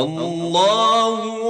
الله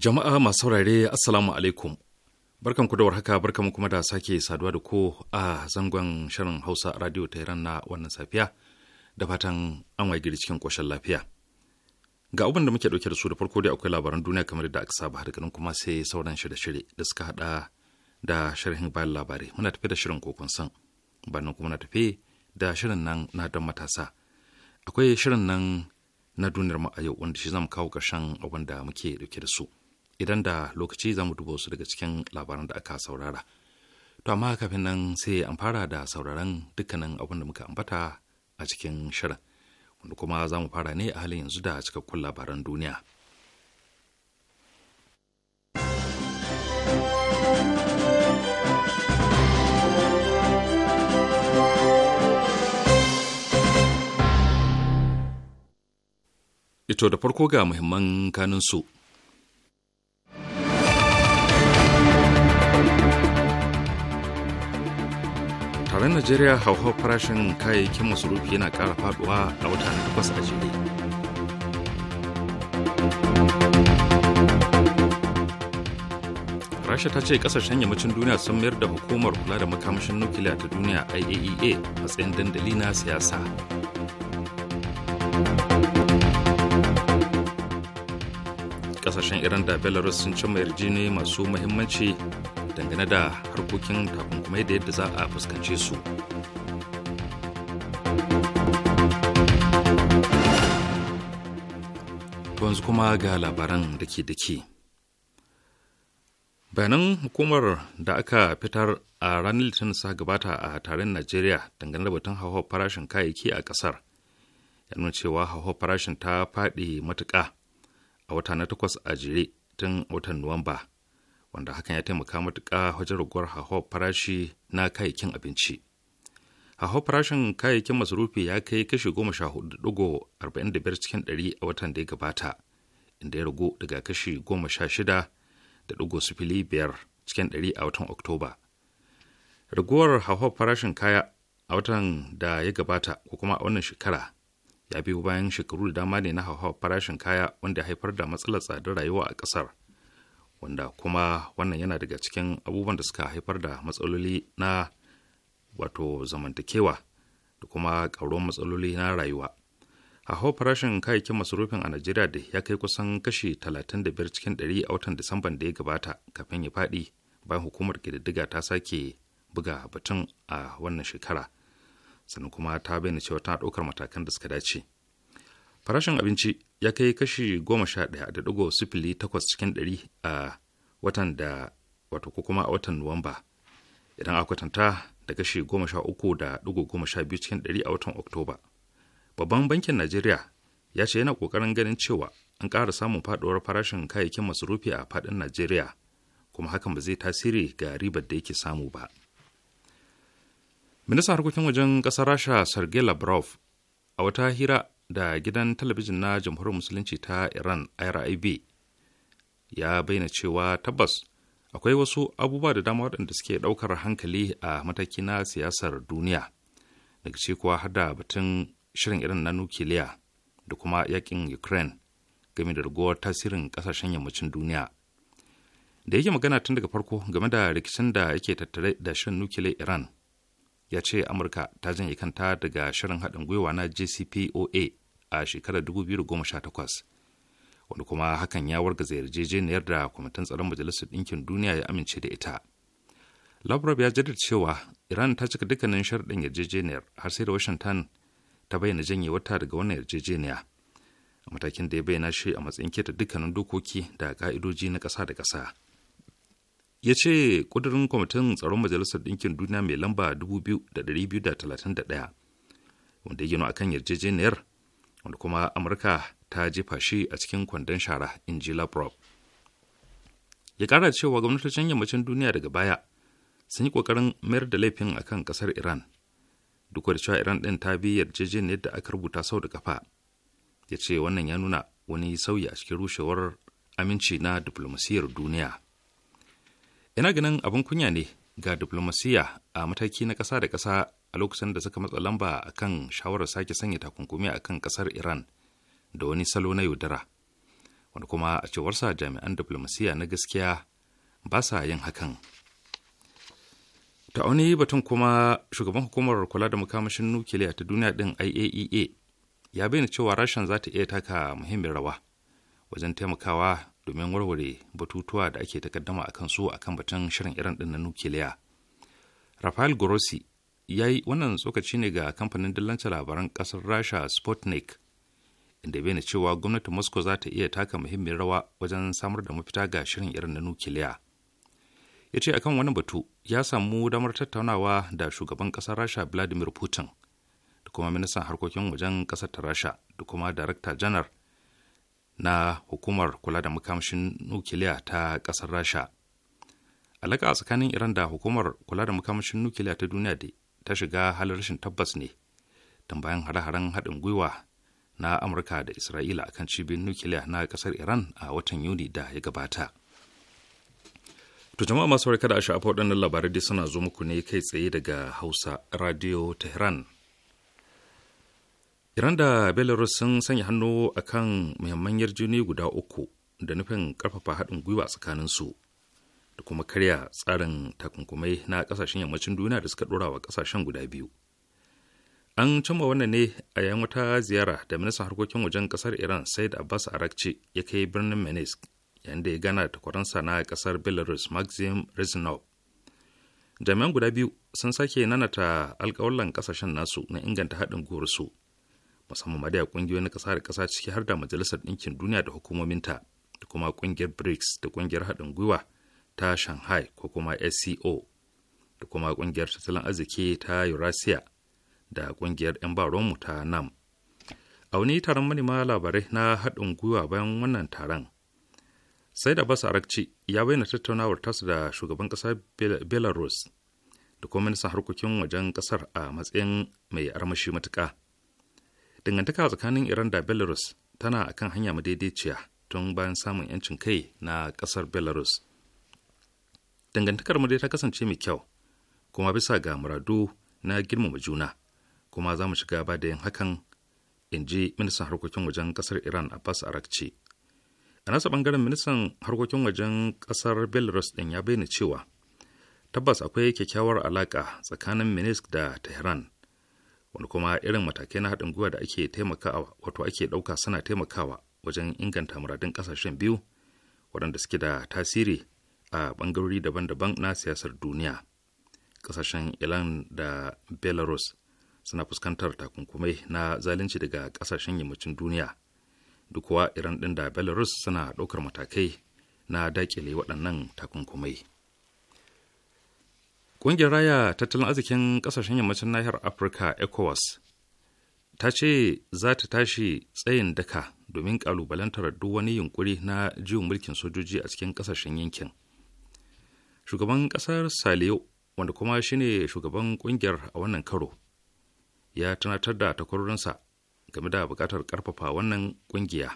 Jama'a masu saurare Assalamu alaikum. Barkan ku da warhaka barkan kuma da sake saduwa da ku a zangon shirin Hausa Radio Tehran na wannan safiya da fatan an waye cikin koshin lafiya. Ga abin da muke dauke da su da farko dai akwai labaran duniya kamar da aka saba har ganin kuma sai sauran shirye-shirye da suka hada da sharhin bayan labarai. Muna tafi da shirin kokon san. Bannan kuma na tafi da shirin nan na don matasa. Akwai shirin nan na duniyar mu a yau wanda shi zan kawo ƙarshen abin da muke dauke da su. idan da lokaci za mu dubo su daga cikin labaran da aka saurara to amma kafin nan sai an fara da sauraron dukkanin abin da muka ambata a cikin shirin wanda kuma za mu fara ne a halin yanzu da cikakkun labaran duniya Ito da farko ga muhimman kanin su tsaron najeriya hauhau farashin kayayyakin masarufi yana ƙara faɗuwa a wata na takwas a jere rasha ta ce ƙasashen yammacin duniya sun mayar da hukumar kula da makamashin nukiliya ta duniya iaea e matsayin dandali na siyasa Ƙasashen iran da belarus sun cimma yarjejeniyoyi masu muhimmanci dangane da harkokin takunkumai da yadda za a fuskance su yanzu kuma ga labaran da ke da ke bayanan hukumar da aka fitar a ranar litinin sa gabata a taron najeriya dangane da batun hauhawar farashin kayayyaki a kasar ya nuna cewa hauhawar farashin ta faɗi matuƙa a wata na takwas a jere tun watan nuwamba wanda hakan ya taimaka matuƙa wajen raguwar hauhawar farashi na kayayyakin abinci. Hauhawar farashin kayayyakin masarufi ya kai kashi goma sha hudu dugo arba'in da biyar cikin ɗari a watan da ya gabata, inda ya ragu daga kashi goma sha shida da sifili biyar cikin ɗari a watan Oktoba. Raguwar hauhawar farashin kaya a watan da ya gabata ko kuma a wannan shekara ya biyo bayan shekaru da dama ne na hauhawar farashin kaya wanda haifar da matsalar tsadar rayuwa a ƙasar. wanda kuma wannan yana daga cikin abubuwan da suka haifar da matsaloli na wato zamantakewa da kuma ƙaruwar matsaloli na rayuwa hauhawar farashin kayayyakin masarufin a najeriya da ya kai kusan kashi 35 cikin 100 a watan disamban da ya gabata kafin ya faɗi bayan hukumar ƙididdiga ta sake buga batun a wannan shekara sannan kuma ta bayyana cewa tana ɗaukar matakan da suka dace farashin abinci ya kai kashi goma sha ɗaya da ɗigo sifili takwas cikin ɗari a watan da wato ko kuma a watan nuwamba idan a kwatanta da kashi goma sha uku da ɗigo goma sha biyu cikin ɗari a watan oktoba babban bankin najeriya ya ce yana ƙoƙarin ganin cewa an ƙara samun faɗuwar farashin kayayyakin masarufi a faɗin najeriya kuma hakan ba zai tasiri ga ribar da yake samu ba ministan harkokin wajen ƙasar rasha sergei lavrov a wata hira da gidan talabijin na jamhuriyar musulunci ta iran irib ya bayyana cewa tabbas akwai wasu abubuwa da dama waɗanda suke ɗaukar hankali a mataki na siyasar duniya daga ce kuwa har da batun shirin irin na nukiliya da kuma yakin ukraine game da raguwar tasirin ƙasashen yammacin duniya da yake magana tun daga farko game da rikicin da yake tattare da shirin nukiliya iran ya ce amurka ta janye kanta daga shirin haɗin gwiwa na jcpoa a shekarar 2018 wanda kuma hakan ya wargaza yarjejeniyar da kwamitin tsaron majalisar ɗinkin duniya ya amince da ita lavrov ya jaddada cewa iran ta cika dukkanin sharɗin yarjejeniyar har sai da washington ta bayyana janye wata daga wannan yarjejeniya a matakin da ya bayyana shi a matsayin keta dukkanin dokoki da ka'idoji na ƙasa da ƙasa ya ce ƙudurin kwamitin tsaron majalisar ɗinkin duniya mai lamba 2231 wanda ya gino akan yarjejeniyar wanda kuma amurka ta jefa shi a cikin kwandon shara in ji labrov ya kara cewa gwamnatocin yammacin duniya daga baya sun yi kokarin mayar da laifin akan kasar iran duk da cewa iran ɗin ta bi yarjejeniyar da aka rubuta sau da kafa ya ce wannan ya nuna wani sauyi a cikin rushewar aminci na diflomasiyyar duniya yana ganin abin kunya ne ga diplomasiya a mataki na ƙasa da ƙasa a lokacin da suka matsa lamba a kan shawarar sake sanya takunkumi a kan ƙasar iran da wani salo na yaudara wanda kuma a cewarsa jami'an diplomasiya na gaskiya ba sa yin hakan ta wani batun kuma shugaban hukumar kula da makamashin nukiliya ta duniya din iaea e ya bayyana cewa rashin za ta iya taka muhimmin rawa wajen taimakawa domin warware batutuwa da ake takaddama a kansu a kan batun shirin irin din na nukiliya rafael grossi ya yi wannan tsokaci ne ga kamfanin dillancin labaran kasar rasha sputnik inda bai cewa gwamnatin moscow za ta iya taka muhimmin rawa wajen samar da mafita ga shirin irin na nukiliya ya ce akan wani batu ya samu damar tattaunawa da shugaban kasar rasha vladimir putin da kuma ministan harkokin wajen kasar ta rasha da kuma darakta janar na hukumar kula da makamashin nukiliya ta ƙasar rasha alaƙa tsakanin iran da hukumar kula da makamashin nukiliya ta duniya da ta shiga halin rashin tabbas ne tambayan bayan hare-haren haɗin gwiwa na amurka da isra'ila akan cibiyar nukiliya na ƙasar iran a watan yuni da ya gabata to jama'a masu warka da a sha'afa waɗannan labarai suna zo muku ne kai tsaye daga hausa radio tehran iran da belarus sun sanya hannu a kan muhimman yarjejeniyoyi guda uku da nufin karfafa haɗin gwiwa tsakaninsu da kuma karya tsarin takunkumai na ƙasashen yammacin duniya da suka ɗora wa ƙasashen guda biyu an cimma wannan ne a yayin wata ziyara da ministan harkokin wajen ƙasar iran said abbas arakci ya kai birnin menes yayin da ya gana da takwaransa na ƙasar belarus maxim rezinov jami'an guda biyu sun sake nanata alƙawallan ƙasashen nasu na inganta haɗin gwiwar su musamman ma da kungiyoyin ƙasa da kasa ciki har da majalisar ɗinkin duniya da hukumominta da kuma ƙungiyar brics da kungiyar haɗin gwiwa ta shanghai ko kuma sco da kuma ƙungiyar tattalin arziki ta eurasia da ƙungiyar 'yan mu ta nam a wani taron manema labarai na haɗin gwiwa bayan wannan taron sai da basu arakci ya bayyana tattaunawar tasu da shugaban ƙasar belarus da kuma ministan harkokin wajen ƙasar a matsayin mai armashi matuƙa dangantaka tsakanin iran da belarus tana akan hanya madaidaiciya tun bayan samun yancin kai na kasar belarus dangantakar mu dai ta kasance mai kyau kuma bisa ga muradu na girmama juna kuma za mu shiga ba da yin hakan in ji ministan harkokin wajen kasar iran abbas arakci a nasa bangaren ministan harkokin wajen kasar belarus din ya bayyana cewa tabbas akwai kyakkyawar alaka tsakanin minsk da tehran wani kuma irin matakai na haɗin gwiwa da ake taimakawa wato ake ɗauka suna taimakawa wajen inganta muradun ƙasashen biyu waɗanda suke da tasiri a ɓangarori daban-daban na siyasar duniya ƙasashen iran da belarus suna fuskantar takunkumai na zalunci daga ƙasashen yammacin duniya duk kuwa iran ɗin da belarus suna ɗaukar matakai na daƙile waɗannan takunkumai Ƙungiyar raya tattalin arzikin ƙasashen yammacin nahiyar Afirka ECOWAS ta ce za ta tashi tsayin daka domin ƙalubalantar duk wani yunƙuri na jiwon mulkin sojoji a cikin ƙasashen yankin. Shugaban ƙasar Saliyo wanda kuma shine shugaban ƙungiyar a wannan karo ya tunatar da takwarorinsa game da buƙatar ƙarfafa wannan ƙungiya.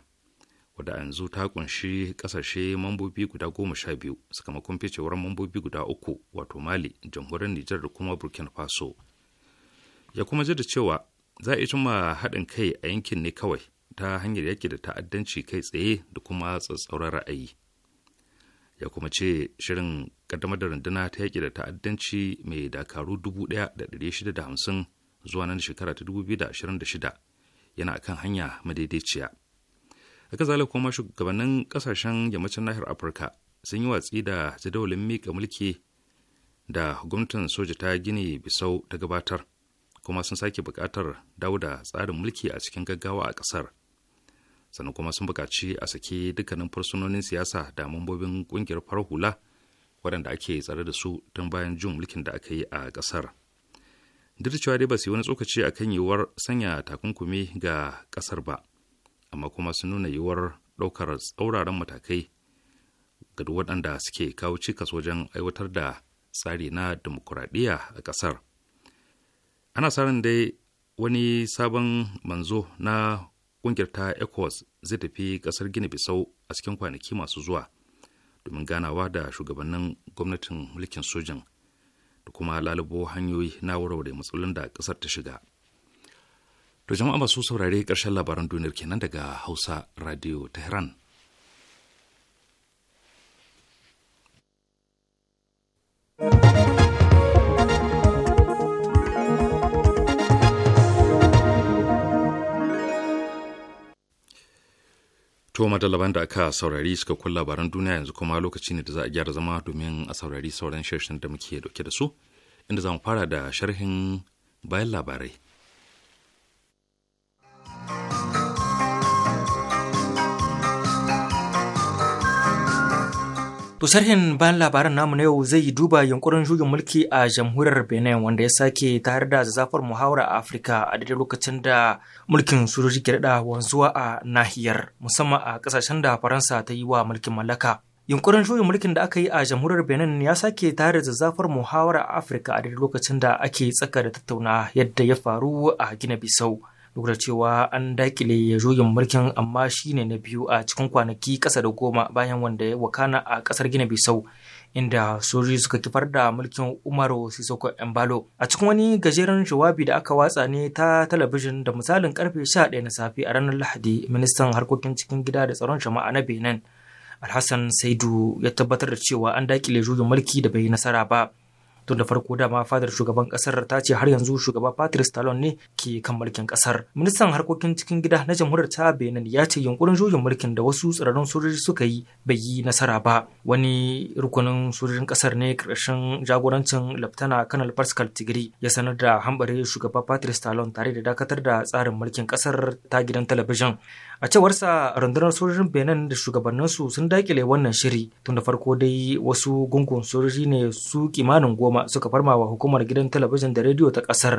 wadda yanzu ta kunshi kasashe mambobi guda goma sha biyu sakamakon ficewar mambobi guda uku wato mali jamhuriyar nijar da kuma burkina faso ya kuma ji da cewa za a cimma haɗin kai a yankin ne kawai ta hanyar yaƙi da ta'addanci kai tsaye da kuma tsatsauran ra'ayi ya kuma ce shirin kaddamar da runduna ta yaƙi da ta'addanci mai dakaru 1,650 zuwa nan shekara ta 2026 yana kan hanya madaidaiciya haka zalika kuma shugabannin kasashen yammacin nahiyar afirka sun yi watsi da jadawalin miƙa mulki da gwamnatin soja ta gini bisau ta gabatar kuma sun sake buƙatar dawo da tsarin mulki a cikin gaggawa a ƙasar sannan kuma sun buƙaci a saki dukkanin fursunonin siyasa da mambobin ƙungiyar farar hula waɗanda ake tsare da su tun bayan jin mulkin da aka yi a ƙasar duk da cewa dai ba su yi wani tsokaci a kan yiwuwar sanya takunkumi ga ƙasar ba amma kuma sun nuna yiwuwar ɗaukar tsauraran matakai ga duk waɗanda suke kawo cikas wajen aiwatar da tsari na demokuraɗiyya a ƙasar ana sa ran dai wani sabon manzo na ƙungiyar ta ecowas zai tafi ƙasar gini bisau a cikin kwanaki masu zuwa domin ganawa da shugabannin gwamnatin mulkin sojin da kuma lalubo hanyoyi na warware matsalolin da ƙasar ta shiga To jama'a masu saurare ƙarshen labaran duniyar kenan daga Hausa Radio Tehran. To madalaban da aka saurari suka kun labaran duniya yanzu kuma lokaci ne da za a gyara zama domin a saurari sauran shirshin da muke dauke da su, inda za mu fara da sharhin bayan labarai. To sarhin bayan labaran namu na yau zai duba yunkurin juyin mulki a jamhuriyar Benin wanda ya sake tare da zazafar muhawara a Afirka a daidai lokacin da mulkin sojoji ke daɗa wanzuwa a nahiyar musamman a ƙasashen da Faransa ta yi wa mulkin mallaka. Yunkurin juyin mulkin da aka yi a jamhuriyar Benin ya sake tare da zazafar muhawara a Afirka a daidai lokacin da ake tsaka da tattauna yadda ya faru a Gina Bisau. duk da cewa an dakile ya juyin mulkin amma shine na biyu a cikin kwanaki kasa da goma bayan wanda ya wakana a kasar gina bisau inda sojoji suka kifar da mulkin umaru sisoko embalo a cikin wani gajeren jawabi da aka watsa ne ta talabijin da misalin karfe 11 na safe a ranar lahadi ministan harkokin cikin gida da tsaron jama'a na benin alhassan saidu ya tabbatar da cewa an dakile juyin mulki da bai nasara ba tun da farko dama fadar shugaban kasar ta ce har yanzu shugaba patrice talon ne ke kan mulkin kasar ministan harkokin cikin gida na jamhuriyar ta benin ya ce yunkurin juyin mulkin da wasu tsirarun sojoji suka yi bai yi nasara ba wani rukunin sojojin kasar ne karshen jagorancin laftana kanal pascal tigiri ya sanar da hambare shugaba patrice talon tare da dakatar da tsarin mulkin kasar ta gidan talabijin A cewarsa rundunar sojojin Benin da shugabanninsu sun dakile wannan shiri tun da farko dai wasu gungun sojoji ne su kimanin goma suka farma wa hukumar gidan talabijin da rediyo ta kasar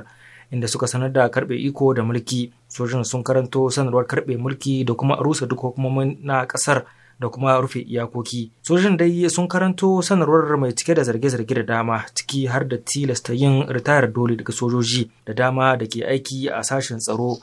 inda suka sanar da karbe iko da mulki sojin sun karanto sanarwar karbe mulki da kuma rusa duk hukumomin na kasar da kuma rufe iyakoki sojin dai sun karanto sanarwar mai cike da zarge-zarge da dama ciki har da tilasta yin ritayar dole daga sojoji da dama da ke aiki a sashen tsaro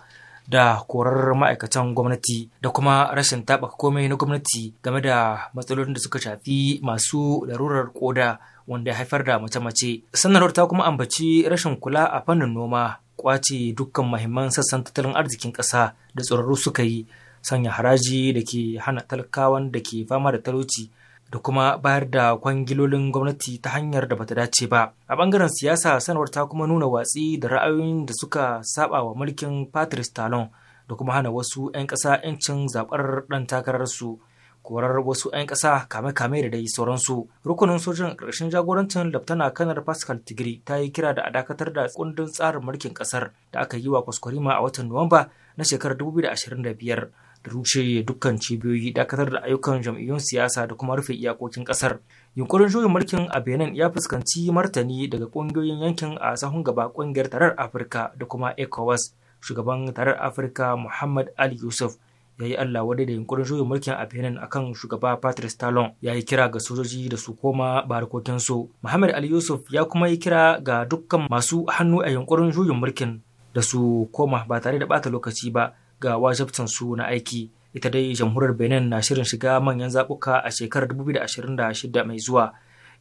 da korar ma'aikatan gwamnati da kuma rashin taɓaka komai na gwamnati game da matsalolin da suka shafi masu larurar koda wanda ya haifar da mace-mace. Sanarwar ta kuma ambaci rashin kula a fannin noma, kwace dukkan mahimman sassan tattalin arzikin ƙasa da tsorarru suka yi, sanya haraji da ke hana talakawan da ke fama da talauci da kuma bayar da kwangilolin gwamnati ta hanyar da bata dace ba a bangaren siyasa sanarwar ta kuma nuna watsi da ra'ayoyin da suka saba wa mulkin patrice talon da kuma hana wasu 'yan ƙasa 'yancin zaɓar ɗan takararsu korar wasu 'yan ƙasa kame-kame da dai sauransu rukunin sojin ƙarshen jagorancin laftana kanar pascal tigiri ta yi kira da a dakatar da kundin tsarin mulkin ƙasar da aka yi wa kwaskwarima a watan nuwamba na shekarar 2025 da rushe dukkan cibiyoyi dakatar da ayyukan jam'iyyun siyasa da kuma rufe iyakokin kasar yunkurin juyin mulkin a benin ya fuskanci martani daga kungiyoyin yankin a sahun gaba kungiyar tarar afirka da kuma ecowas shugaban tarar afirka muhammad ali yusuf ya yi allah wadai da yunkurin juyin mulkin a benin akan shugaba patrice talon ya yi kira ga sojoji da su koma barkokinsu muhammad ali yusuf ya kuma yi kira ga dukkan masu hannu a yunkurin juyin mulkin da su koma ba tare da bata lokaci ba ga wajabcin su na aiki ita dai jamhuriyar benin na shirin shiga manyan zaɓuka a shekarar 2026 mai zuwa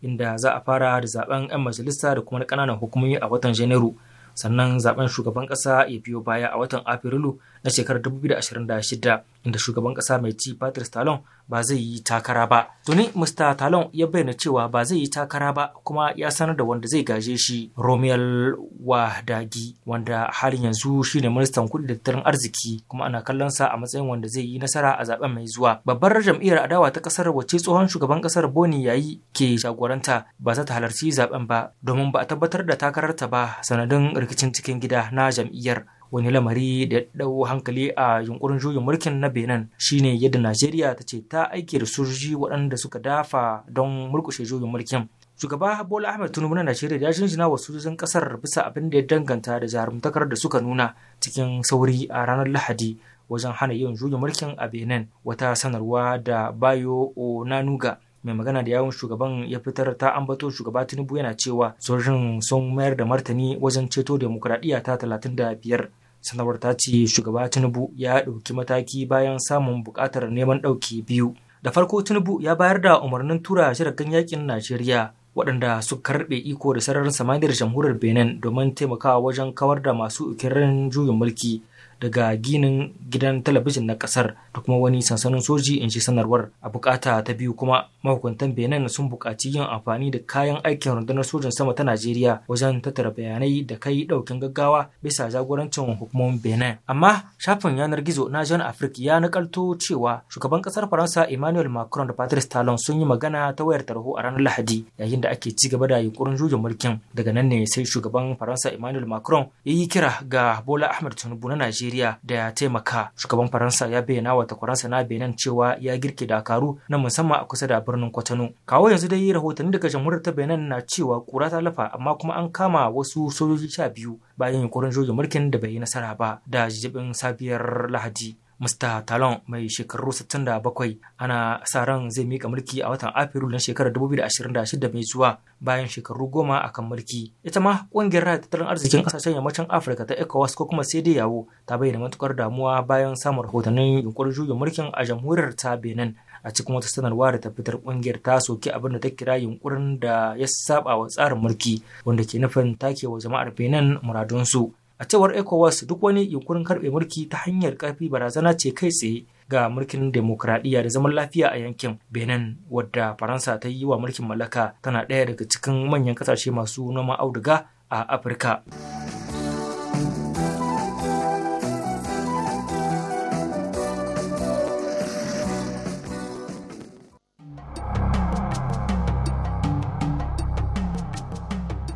inda za a fara da zaben 'yan majalisa da kuma na ƙananan hukumomi a watan janairu sannan zaben shugaban ƙasa ya biyo baya a watan afrilu na shekarar 2026 inda shugaban kasa mai ci Patrice Talon ba zai yi takara ba. Tuni Mr. Talon ya bayyana cewa ba zai yi takara ba kuma ya sanar da wanda zai gaje shi Romuel Wadagi wanda halin yanzu shine ministan kuɗi da tattalin arziki kuma ana kallon sa a matsayin wanda zai yi nasara a zaben mai zuwa. Babbar jam'iyyar adawa ta kasar wacce tsohon shugaban kasar Boni yayi ke jagoranta ba za ta halarci zaben ba domin ba a tabbatar da takararta ba sanadin rikicin cikin gida na jam'iyyar. wani lamari da ya ɗau hankali a yunkurin juyin mulkin na benin shine yadda najeriya ta ce ta aike da sojoji waɗanda suka dafa don murkushe juyin mulkin shugaba bola ahmed tinubu na najeriya ya jinjina wa sojojin ƙasar bisa abin da ya danganta da jarumtakar da suka nuna cikin sauri a ranar lahadi wajen hana yin juyin mulkin a benin wata sanarwa da bayo onanuga mai magana da yawon shugaban ya fitar ta ambato shugaba tinubu yana cewa sojin sun mayar da martani wajen ceto demokuraɗiyya ta talatin da biyar. Sanawar ta ce shugaba tinubu ya ɗauki mataki bayan samun buƙatar neman ɗauki biyu da farko tinubu ya bayar da umarnin tura shirakan yakin najeriya waɗanda suka karɓe iko da sararin samaniyar jamhuriyar benin domin taimakawa wajen kawar da masu ukirin juyin mulki daga ginin gidan talabijin na kasar da kuma wani sansanin soji in shi sanarwar a bukata ta biyu kuma mahukuntan benin sun bukaci yin amfani da kayan aikin rundunar sojin sama ta najeriya wajen tattara bayanai da kai ɗaukin gaggawa bisa jagorancin hukumomin benin amma shafin yanar gizo na jan afrique ya nakalto cewa shugaban kasar faransa emmanuel macron da patrice talon sun yi magana ta wayar tarho a ranar lahadi yayin da ake ci gaba da yunkurin juyin mulkin daga nan ne sai shugaban faransa emmanuel macron ya yi kira ga bola ahmed tinubu na najeriya Najeriya da ya taimaka. Shugaban Faransa ya bayyana wa takwaransa na Benin cewa ya girke dakaru na musamman a kusa da birnin Kwatano. Kawo yanzu dai rahotanni daga jamhuriyar ta Benin na cewa kura ta lafa amma kuma an kama wasu sojoji sha biyu bayan yunkurin juya mulkin da bai yi nasara ba da jijibin sabiyar Lahadi. Mr. Talon mai shekaru 67 ana sa ran zai mika mulki a watan Afrilu na shekarar 2026 mai zuwa bayan shekaru goma a kan mulki. Ita ma ƙungiyar raya tattalin arzikin ƙasashen yammacin Afirka ta ECOWAS ko kuma sai yawo ta bayyana matukar damuwa bayan samun rahotannin yunkurin juyin mulkin a jamhuriyar ta Benin. a cikin wata sanarwa da ta fitar kungiyar ta soki abin da ta kira yunkurin da ya saba wa tsarin mulki wanda ke nufin take wa jama'ar benin muradunsu a cewar ecowas duk wani yunkurin karbe mulki ta hanyar karfi barazana ce kai tsaye ga mulkin demokradiyya da zaman lafiya a yankin benin wadda faransa ta yi wa mulkin mallaka tana ɗaya daga cikin manyan ƙasashe masu noman auduga a afirka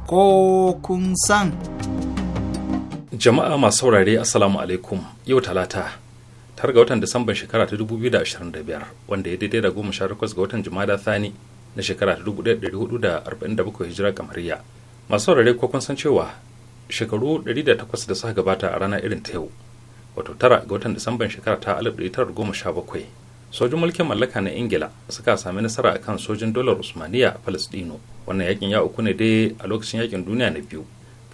Ko kun san. jama'a masu saurare assalamu alaikum yau talata tar ga watan disamban shekara ta 2025 wanda ya daidai da goma sha takwas ga watan jumada thani na shekara ta 1447 hijira kamariya masu saurare ko kun san cewa shekaru 108 da suka gabata a rana irin ta yau wato tara ga watan disamban shekara ta 1917 sojin mulkin mallaka na ingila suka sami nasara a kan sojin dolar usmaniya a palestino wannan yakin ya uku ne dai a lokacin yakin duniya na biyu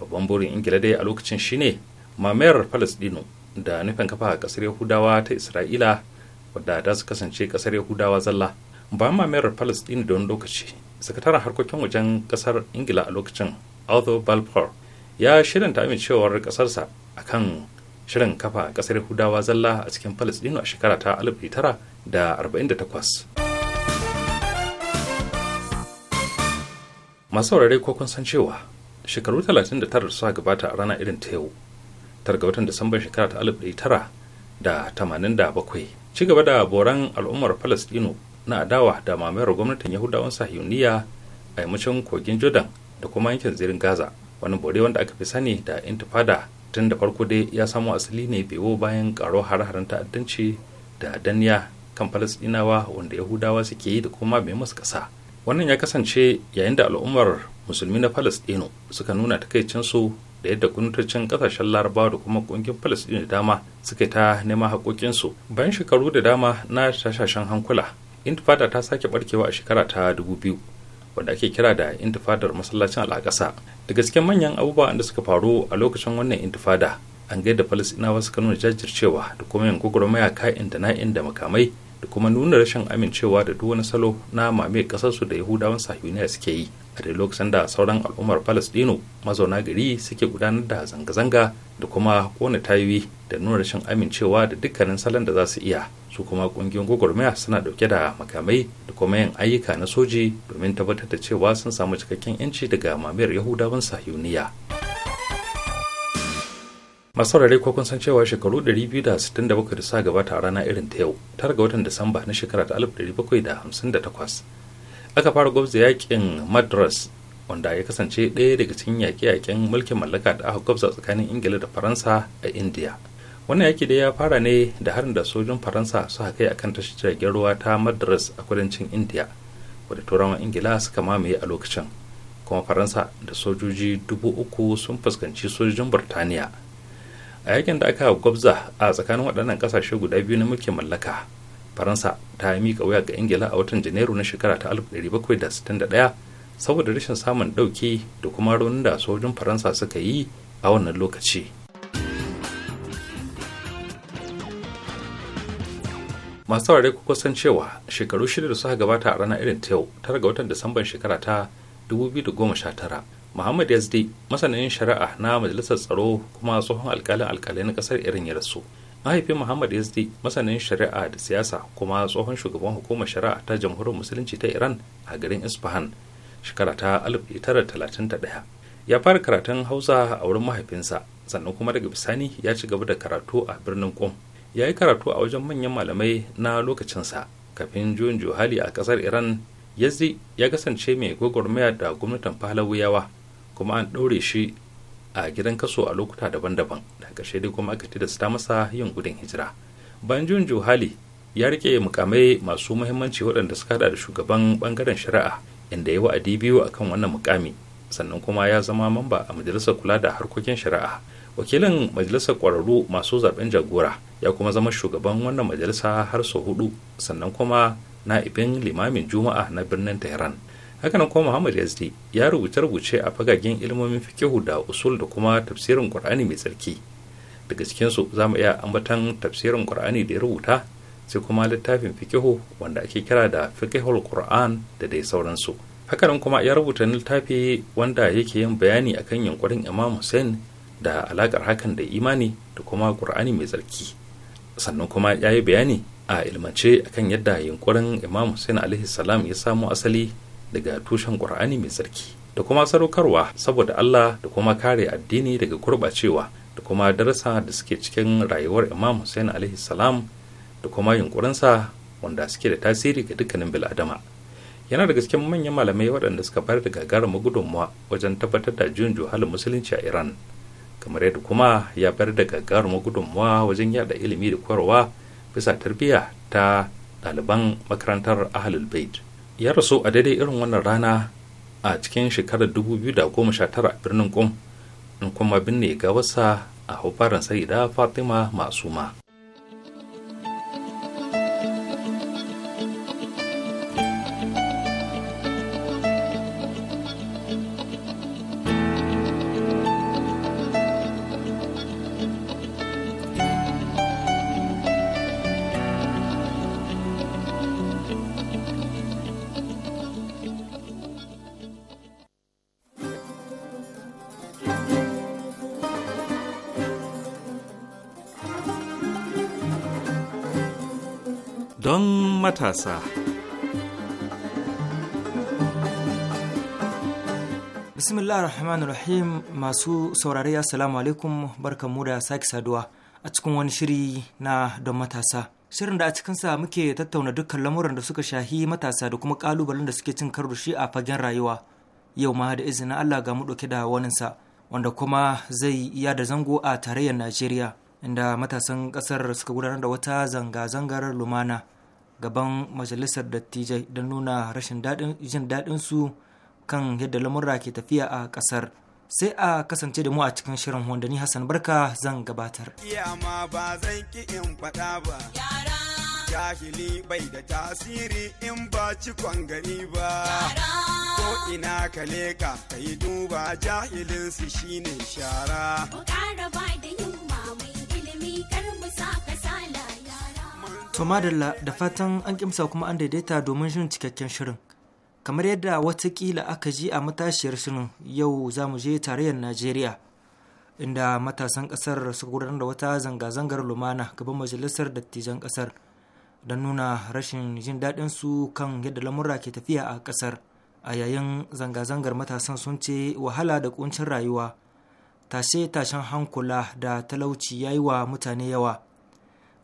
babban burin ingila dai a lokacin shine mamayar palestino da nufin kafa a kasar yahudawa ta isra'ila wadda ta su kasance kasar yahudawa zalla bayan mamayar palestino da wani lokaci sakataren harkokin wajen kasar ingila a lokacin arthur balfour ya ta amincewar kasarsa akan shirin kafa kasar yahudawa zalla a cikin palestino a shekara ta 1948 masu saurare ko kun san cewa shekaru 39 suka gabata a rana irin ta yau targa watan disamban shekara ta 1987 ci gaba da boran al'ummar palestino na adawa da mamayar gwamnatin yahudawan sahiyuniya a yammacin kogin jordan da kuma yankin zirin gaza wani bore wanda aka fi sani da intifada tun da farko dai ya samo asali ne bewo bayan karo hare-haren ta'addanci da danniya kan palestinawa wanda yahudawa suke yi da kuma mai masu kasa. wannan ya kasance yayin da al'ummar musulmi na palestino suka nuna takaicinsu da yadda gwamnatocin kasashen larabawa da kuma kungiyar palestino da dama suka ta neman haƙoƙinsu bayan shekaru da dama na tashashen hankula intifada ta sake barkewa a shekara ta 2000 wanda ake kira da intifadar masallacin al'akasa da gaske manyan abubuwan da suka faru a lokacin wannan intifada an gaida palestinawa suka nuna jajircewa da kuma yin gwagwarmaya kayan da na'in da makamai da kuma nuna rashin amincewa da duk wani salo na mame kasarsu da yahudawan sahiyuniya suke yi a dai lokacin da sauran al'ummar palestino mazauna gari suke gudanar da zanga-zanga da kuma kona tayoyi da nuna rashin amincewa da dukkanin salon da za su iya su kuma kungiyoyin gwagwarmaya suna dauke da makamai da kuma yin ayyuka na soji domin tabbatar da cewa sun samu cikakken yanci daga mamayar yahudawan sahiyuniya masu rarrai ko kun san cewa shekaru 267 da suka gabata a rana irin ta yau tare ga watan disamba na shekara ta 1758 aka fara gwabza yakin madras wanda ya kasance ɗaya daga cikin yaƙe-yaƙen mulkin mallaka da aka gwabza tsakanin ingila da faransa a india wannan yaƙi dai ya fara ne da harin da sojin faransa suka kai akan tashar jiragen ruwa ta madras a kudancin india wadda turawan ingila suka mamaye a lokacin kuma faransa da sojoji dubu uku sun fuskanci sojojin burtaniya a yakin da aka gwabza a tsakanin waɗannan ƙasashe guda biyu na mulkin mallaka faransa ta yi mika wuya ga ingila a watan janairu na shekara ta 1761 saboda rashin samun ɗauki da kuma raunin da sojin faransa suka yi a wannan lokaci masu saurare ku kusan cewa shekaru shida da suka gabata a ranar irin ta yau tara ga watan disamban shekara ta 2019 muhammad yazdi masanin shari'a na majalisar tsaro kuma tsohon alkalin alkalai na kasar irin ya rasu mahaifin muhammad yazdi masanin shari'a da siyasa kuma tsohon shugaban hukumar shari'a ta jamhuriyar musulunci ta iran a garin isfahan shekara ta 1931 ya fara karatun hausa a wurin mahaifinsa sannan kuma daga bisani ya ci gaba da karatu a birnin kum ya yi karatu a wajen manyan malamai na lokacinsa kafin juyin juhali a kasar iran yazdi ya kasance mai gwagwarmaya da gwamnatin falawiyawa kuma an ɗaure shi a gidan kaso a lokuta daban-daban da ƙarshe dai kuma aka tilasta masa yin gudun hijira bayan juyin juhali ya rike mukamai masu muhimmanci waɗanda suka hada da shugaban bangaren shari'a inda ya wa'adi biyu akan wannan mukami sannan kuma ya zama mamba a majalisar kula da harkokin shari'a wakilin majalisar ƙwararru masu zaben jagora ya kuma zama shugaban wannan majalisa har sau hudu sannan kuma na'ibin limamin juma'a na birnin tehran hakanan kuma muhammad yazdi ya rubuce rubuce a fagagen ilmomin fikihu da usul da kuma tafsirin qur'ani mai tsarki daga cikinsu za mu iya ambatan tafsirin qur'ani da ya rubuta sai kuma littafin fikihu wanda ake kira da fikihul qur'an da dai sauransu hakanan kuma ya rubuta littafi wanda yake yin bayani akan yankurin imam hussein da alakar hakan da imani da kuma qur'ani mai tsarki sannan kuma ya yi bayani a ilmance akan yadda yankurin imam hussein alaihi salam ya samo asali daga tushen ƙur'ani mai tsarki da kuma sadaukarwa saboda Allah da kuma kare addini daga gurɓacewa da kuma darasa da suke cikin rayuwar Imam Hussein alaihi salam da kuma yunkurinsa wanda suke da tasiri ga dukkanin bil'adama. Yana da gaske manyan malamai waɗanda suka bayar da gagarumin gudunmawa wajen tabbatar da juyin juhalin musulunci a Iran. Kamar yadda kuma ya bayar da gagarumin gudunmawa wajen yada ilimi da koyarwa bisa tarbiyya ta ɗaliban makarantar Ahlul Bait. ya rasu a daidai irin wannan rana a cikin shekarar 2019 a birnin kum in kuma binne gawarsa a hufarin da fatima masu ma matasa. Bismillah rahman rahim masu saurari assalamu alaikum barkanmu da sake saduwa a cikin wani shiri na don matasa. Shirin da a cikinsa muke tattauna dukkan lamuran da suka shahi matasa da kuma kalubalen da suke cin karo shi a fagen rayuwa. Yau ma da izinin Allah ga mu ɗauke da waninsa wanda kuma zai iya da zango a tarayyar Najeriya. inda matasan kasar suka gudanar da wata zanga-zangar lumana gaban majalisar dattijai don nuna rashin jin daɗin su kan yadda lamurra ke tafiya a ƙasar sai a kasance da mu a cikin shirin hondani hassan barka zan gabatar ma ba ki in faɗa ba jahili bai da tasiri in ba ci gari ba ko ina ka leka ka yi duba jahilin su shine shara ko ƙara ba da yin mai ilimi kar mu sa kasala To madalla da fatan an kimsa kuma an daidaita domin shirin cikakken shirin. Kamar yadda watakila aka ji a matashiyar shirin yau za mu je tarayyar Najeriya. Inda matasan kasar suka gudanar da wata zanga-zangar lumana gaban majalisar dattijan ƙasar don nuna rashin jin daɗin su kan yadda lamura ke tafiya a ƙasar. A yayin zanga-zangar matasan sun ce wahala da ƙuncin rayuwa, tashe-tashen hankula da talauci ya yi wa mutane yawa.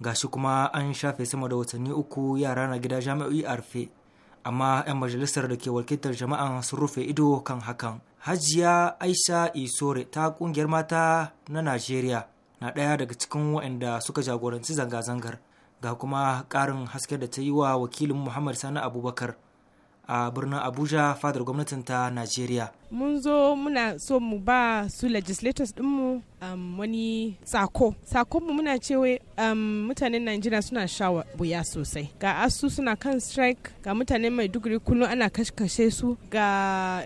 gashi kuma an shafe sama da watanni uku yara na gida jami'o'i a rufe amma 'yan majalisar da ke wakiltar jama'an sun rufe ido kan hakan hajiya aisha isore ta kungiyar mata na najeriya na ɗaya daga cikin waɗanda suka jagoranci zanga-zangar ga kuma ƙarin haske da ta yi wa wakilin muhammad sani abubakar a birnin abuja fadar gwamnatin ta najeriya mun zo muna so mu ba su legislators dinmu um, wani sako mu muna cewa um, mutanen najeriya suna sha buya sosai ga asu suna kan strike ga mutane maiduguri kullum ana kashe su ga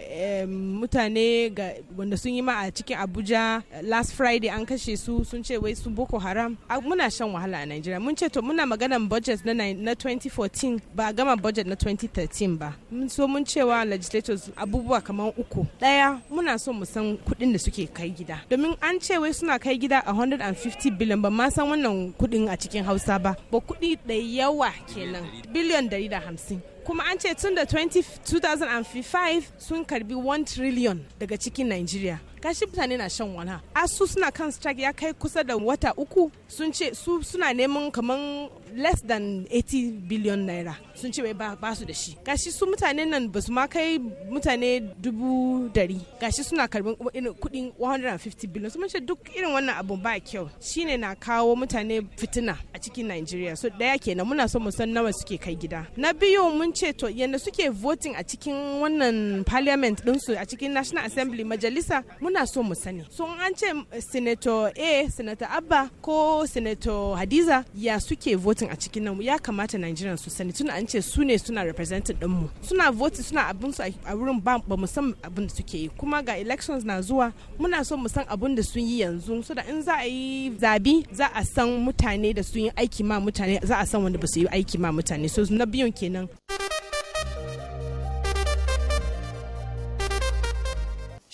mutane ga wanda sun yi ma a cikin abuja last friday an kashe su sun ce wai su boko haram a, muna shan wahala a najeriya mun ce to muna maganan budget na, na 2014 ba gama budget na 2013 ba so mun cewa legislators abubuwa kamar uku Daya muna so mu san kuɗin da suke kai gida. Domin an ce wai suna kai gida a 150 biliyan ba ma san wannan kuɗin a cikin Hausa ba. Ba kuɗi da yawa kenan. Biliyan 150. kuma an ce tun da 2005 sun karbi 1 trillion daga cikin Nigeria gashi mutane na shan wani asu suna kan strike ya kai kusa da wata uku sun ce su suna neman kamar less than 80 billion naira sun ce wai ba su da shi gashi su mutane nan ba su ma kai mutane dubu dari gashi suna karbin irin kudin 150 billion sun ce duk irin wannan abun ba kyau shine na kawo mutane fitina a cikin nigeria so daya kenan muna so mu san nawa suke kai gida na biyu mun ce to yanda suke voting a cikin wannan parliament din su a cikin National Assembly majalisa muna so mu sani so an ce eh, senator a senator abba ko senator hadiza ya suke voting a cikin nan ya kamata nigerian su sani tun an ce su ne suna representing dinmu suna voting suna abin su a wurin ba mu san abin da suke yi kuma ga elections na zuwa muna so mu san abin da sun yi yanzu so da in za a yi zabi za a san mutane da sun yi aiki ma mutane za a san wanda ba su yi aiki ma mutane so na biyun kenan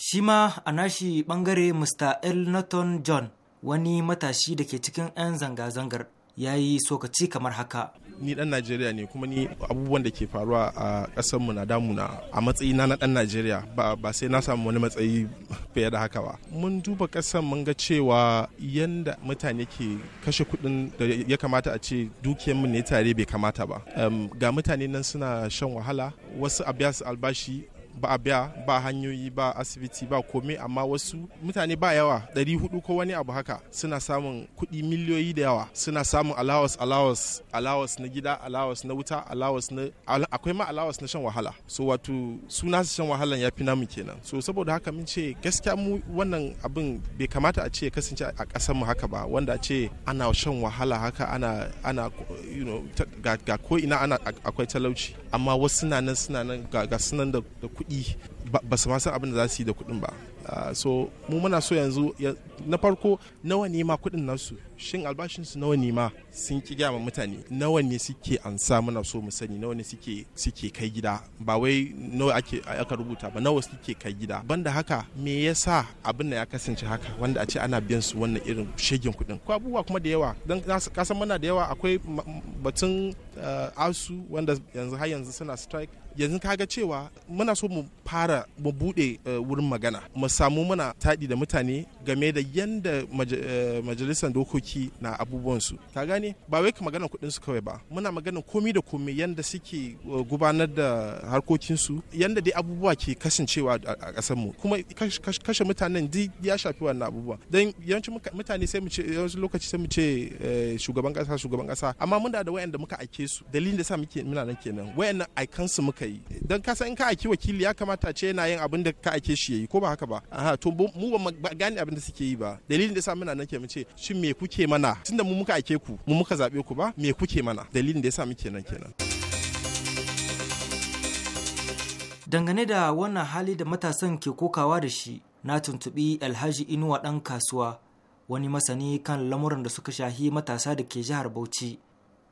Shi ma a nashi bangare Mr. Elnaton John wani matashi da ke cikin 'yan zanga-zangar ya yi sokaci kamar haka. Ni dan Najeriya ne kuma ni abubuwan da ke faruwa a ƙasarmu na damuna a matsayi na dan Najeriya ba sai na samu wani matsayi fiye da haka ba. Mun duba ƙasar mun ga cewa yadda mutane ke kashe kuɗin da ya kamata a ce dukiyarmu ne tare bai kamata ba. Ga mutane nan suna shan wahala wasu a biya su albashi ba a biya ba hanyoyi ba asibiti ba komai amma wasu mutane ba yawa ɗari hudu ko wani abu haka suna samun kuɗi miliyoyi da yawa suna samun allowance allowance allowance na gida allowance na wuta allowance na akwai ma allowance na shan wahala so wato suna shan wahalan ya fi namu kenan so saboda haka mun ce gaskiya mu wannan abin bai kamata a ce kasance a ƙasar mu haka ba wanda ce ana shan wahala haka ana ana you know ga, ko ina ana akwai talauci amma wasu na nan suna nan ga, ga sunan da kuɗi kuɗi ba su san abin da za su yi da kuɗin ba ah, so mu muna so yanzu na farko nawa ne ma kuɗin nasu shin albashinsu nawa ne ma sun ki gaya mutane nawa ne suke ansa na so mu sani nawa ne suke suke kai gida ba wai nawa ake aka rubuta ba nawa suke kai gida banda haka me yasa abin da ya kasance haka wanda a ce ana biyan su wannan irin shegin kuɗin ko abubuwa kuma da yawa dan kasan muna da yawa akwai batun eh, asu wanda yanzu har yanzu suna strike yanzu kaga cewa muna so mu fara mu bude eh, wurin magana mu samu muna taɗi da mutane game da yanda eh, majalisar dokoki aiki na abubuwansu ka gane ba wai ka magana kuɗin su kawai ba muna magana komi da komi yanda suke uh, gudanar da harkokinsu yanda dai abubuwa ke kasancewa a ƙasar mu kuma kashe mutanen di ya shafi wannan abubuwa dan yawancin mutane sai mu ce yawancin lokaci sai mu ce eh, shugaban ƙasa shugaban ƙasa amma muna da wayanda muka aike su dalilin da sa muke muna nan kenan wayannan aikan su muka yi dan ka san in ka aiki wakili ya kamata ce yana yin abin da ka aike shi yayi ko ba haka ba aha to mu ba gane abin da suke yi ba dalilin da sa muna nan ke mu ce shin me kuke kuke mana tunda mu muka ake ku mu muka zabe ku ba me kuke mana dalilin da yasa muke nan kenan dangane da wannan hali da matasan ke kokawa da shi na tuntubi alhaji inuwa ɗan kasuwa wani masani kan lamuran da suka shahi matasa da ke jihar bauchi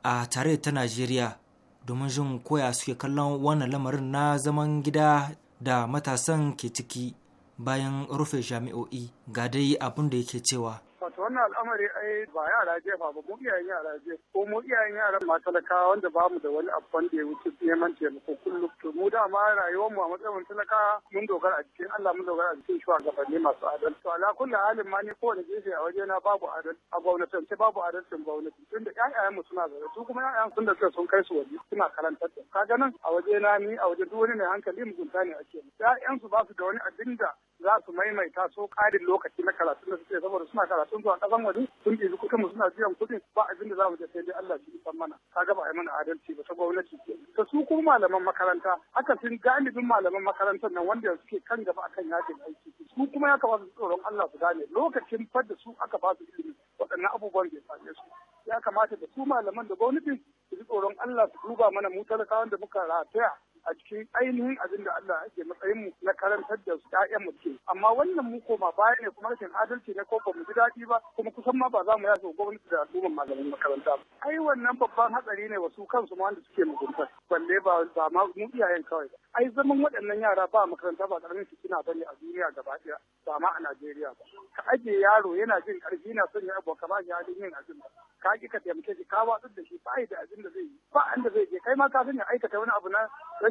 a tare ta najeriya domin jin koya suke kallon wannan lamarin na zaman gida da matasan ke ciki bayan rufe jami'o'i ga dai abin da yake cewa To wannan al'amari ai ba yara jefa ba mu iyayen yara je ko mu iyayen yara ma talakawa wanda ba mu da wani abban da ya wuce neman taimako kullum. To mu da ma rayuwar mu a matsayin talakawa mun dogara a cikin Allah mun dogara a cikin shugabanni masu adalci. To ala kullu halin ma ni da jefe a waje na babu adalci a sai babu adalcin gwamnati tunda ƴaƴayen mu suna zaune su kuma ƴaƴan sun da sun kai su waje suna karantar da kaga nan a waje na ni a waje duk wani mai hankali mugunta ne ake ƴaƴan su ba su da wani abin da za su maimaita so ƙarin lokaci na karatu da suke saboda suna karatun zuwa kasan waje sun ɗebi kuɗin mu suna biyan kuɗin ba abin da za mu je sai dai Allah shi san mana ga ba a yi mana adalci ba ta gwamnati da su kuma malaman makaranta haka sun galibin malaman makarantar nan wanda suke kan gaba akan yakin aiki su kuma ya kamata su tsoron Allah su gane lokacin fadda su aka ba su ilimi waɗannan abubuwan bai same su ya kamata da su malaman da gwamnati su ji tsoron Allah su duba mana mu talakawan da muka rataya a cikin ainihin abin da Allah ake matsayin mu na karantar da su ƴaƴan mu ke amma wannan mu koma baya ne kuma rashin adalci ne ko ba mu ji daɗi ba kuma kusan ma ba za mu yafe gwamnati da al'ummar malamin makaranta ba ai wannan babban hatsari ne wasu kansu ma wanda suke mugunta balle ba ba ma mu iyayen kawai ba ai zaman waɗannan yara ba makaranta ba ƙaramin suna bane a duniya gaba ɗaya ba ma a Najeriya ba ka ajiye yaro yana jin ƙarfi yana son ya abu kamar ya yin abin ka ki ka taimake shi ka watsar da shi ba da abin da zai yi ba an da zai je kai ma ka sanya aikata wani abu na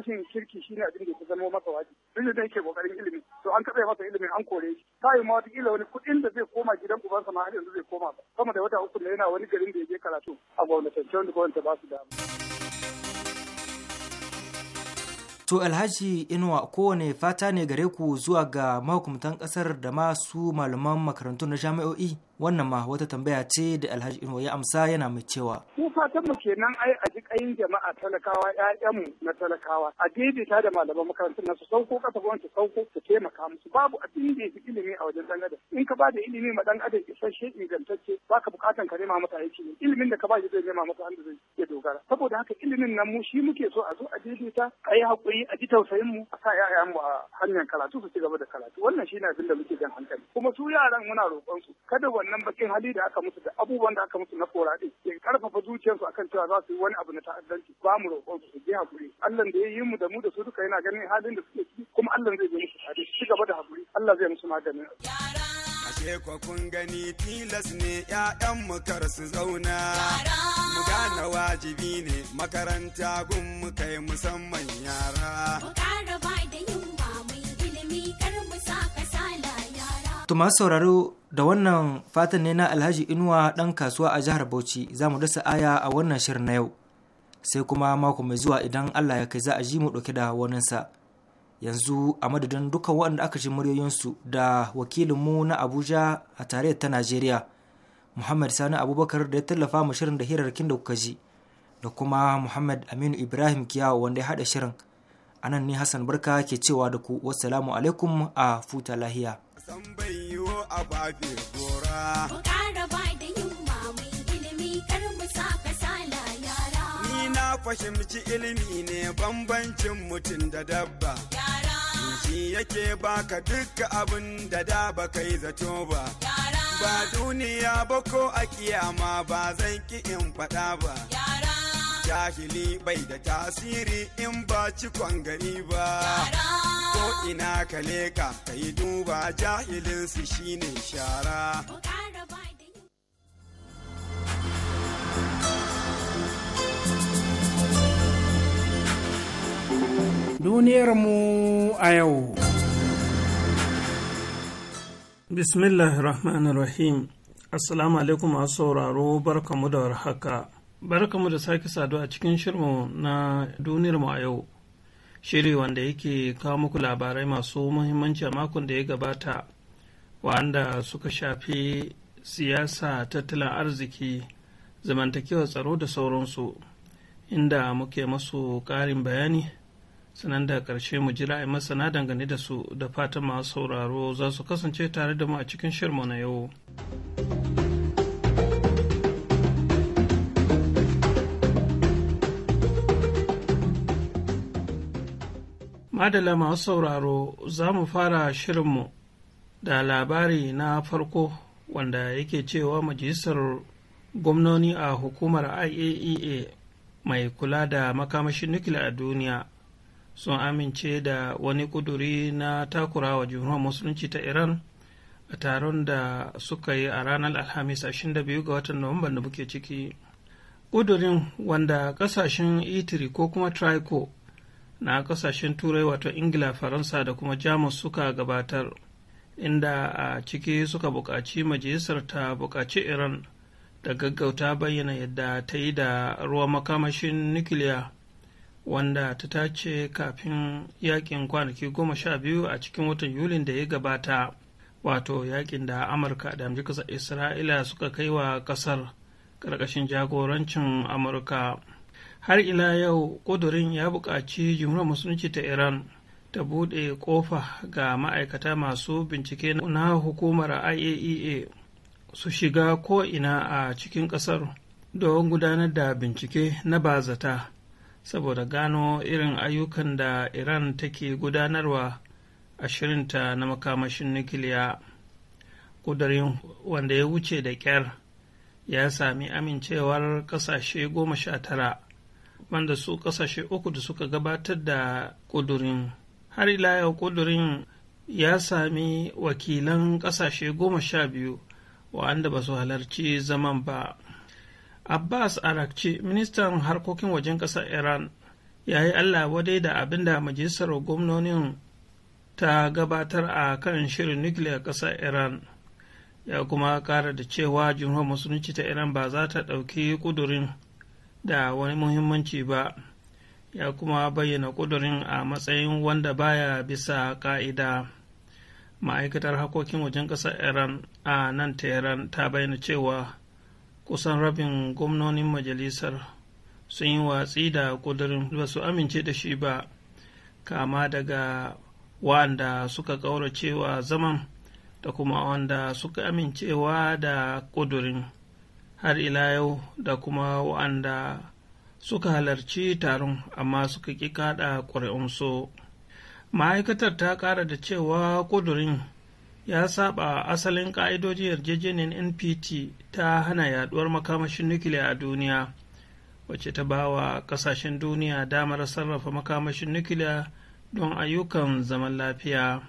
rashin kirki shine abin da ya zama masa wajibi duk da yake kokarin ilimi to an katsaye masa ilimin an kore shi sai ma wata kila wani kuɗin da zai koma gidan sa ma har yanzu zai koma ba sama da wata uku ne yana wani garin da ya je karatu a gwamnatance wanda gwamnati ba su dama To Alhaji Inuwa kowane fata ne gare ku zuwa ga mahukuntan ƙasar da masu malaman makarantu na jami'o'i? wannan ma wata tambaya ce da alhaji inuwa ya amsa yana mai cewa mu fatan mu kenan ai a ji kayin jama'a talakawa ƴaƴanmu na talakawa a ta da malaman makarantar nasu sauko kasa gwamnati su sauko su taimaka musu babu abin da yafi ilimi a wajen dan adam in ka ba da ilimi ma dan adam isasshe ingantacce baka bukatan ka nema masa aiki ne ilimin da ka ba shi zai nema masa hannu zai ya dogara saboda haka ilimin nan mu shi muke so a zo a ta, a yi haƙuri, a ji tausayin mu a sa mu a hanyar karatu su ci gaba da karatu wannan shi ne abin da muke jan hankali kuma su yaran muna roƙon su kada wani wannan bakin hali da aka musu da abubuwan da aka musu na koraɗe ya karfafa zuciyarsu akan cewa za su yi wani abu na ta'addanci ba mu roƙon su su je hakuri Allah da ya yi mu da mu da su duka yana ganin halin da suke ciki kuma Allah zai je musu tare ci gaba da hakuri Allah zai musu maganin Ashe ko kun gani tilas ne ƴaƴan mu kar su zauna mu gane wajibi ne makaranta gun mu kai musamman yara mu ƙara ba da yin ba mu ilimi kar mu sa kasala To masu sauraro da wannan fatan ne na Alhaji Inuwa ɗan kasuwa a jihar Bauchi za mu dasa aya a wannan shirin na yau. Sai kuma mako mai zuwa idan Allah ya kai za a ji mu ɗauke da waninsa. Yanzu a madadin dukkan waɗanda aka ji muryoyinsu da wakilinmu na Abuja a tarayyar ta Najeriya. Muhammad Sani Abubakar da ya tallafa mu shirin da hirarkin da kuka ji. Da kuma Muhammad Aminu Ibrahim Kiyawa wanda ya haɗa shirin. anan ne Hassan Barka ke cewa da ku wassalamu alaikum a futa lahiya. san bai a bafe gora. Mu ƙara ba da yunwa mai ilimi kar mu sa kasala yara. Ni na fahimci ilimi ne bambancin mutum da dabba. Yara. Shi yake baka dukka abin da da ba kai zato ba. Yara. Ba duniya ba ko a kiyama ba zan ki in faɗa ba. Yara. jahili bai da tasiri in ba cikon gani ba ko ina ka leka ka yi duba jahilinsu shine shara duniyar mu a yau bismillahir rahmanir rahim assalamu alaikum masu sauraro barkamu da warhaka mu da sake sadu a cikin shirmu na duniyar mu a yau, shiri wanda yake kawo muku labarai masu muhimmanci a makon da ya gabata, wanda suka shafi siyasa, tattalin arziki, zamantakewar tsaro da sauransu, inda muke masu ƙarin bayani, sanan da ƙarshe mu jira a masana dangane da su da fatan masu sauraro za su kasance tare da mu a cikin shirmu na yau. madala masu sauraro za mu fara shirinmu da labari na farko wanda yake cewa majalisar gwamnoni a hukumar iaea e mai kula da makamashin nukiliya a duniya sun amince da wani kuduri na takurawa jumhuriyar musulunci ta iran a taron da suka yi a ranar alhamis 22 ga watan nuwamban da muke ciki kudurin wanda kasashen itiri ko kuma trico na kasashen turai wato ingila faransa da kuma jamus suka gabatar inda a ciki suka bukaci majalisar ta buƙaci iran da gaggauta bayyana yadda ta yi da ruwa makamashin nukiliya wanda ta tace kafin yakin kwanaki goma sha biyu a cikin watan yulin da ya gabata wato yakin da amurka da amurka isra'ila suka kai wa kasar ƙarƙashin jagorancin amurka har ila yau ƙudurin ya buƙaci jumhuriyar musulunci ta iran ta buɗe ƙofa ga ma'aikata masu bincike na hukumar iaea e su shiga ko'ina a cikin ƙasar don gudanar da bincike na bazata saboda gano irin ayyukan da iran take gudanarwa a shirinta na makamashin nukiliya ƙudurin wanda ya wuce da ƙyar ya sami amincewar ƙasashe goma sha tara Wanda su kasashe uku da suka gabatar da kudurin. har ila yau ƙudurin ya sami wakilan kasashe goma sha biyu wa'anda ba su halarci zaman ba abbas arakci ministan harkokin wajen ƙasar iran ya yi allah wadai da abin da majalisar gwamnonin ta gabatar a kan shirin nukiliyar ƙasar iran ya kuma kara da cewa jumhuriyar musulunci ta iran ba za ta ɗauki ƙudurin da wani muhimmanci ba ya kuma bayyana ƙudurin a matsayin wanda baya bisa ƙa'ida ma'aikatar harkokin wajen ƙasar iran a nan tehran ta bayyana cewa kusan rabin gwamnonin majalisar sun yi watsi da ƙudurin ba su amince da shi ba kama daga wanda suka cewa zaman da kuma wanda suka amincewa da ƙudurin har ila yau da kuma wa'anda suka halarci taron amma suka ƙi kaɗa ƙuri'unsu ma'aikatar ta ƙara da cewa ƙudurin ya saba asalin ƙa'idojin yarjejeniyar npt ta hana yaduwar makamashin nukiliya a duniya wacce ta ba wa ƙasashen duniya damar sarrafa makamashin nukiliya don ayyukan zaman lafiya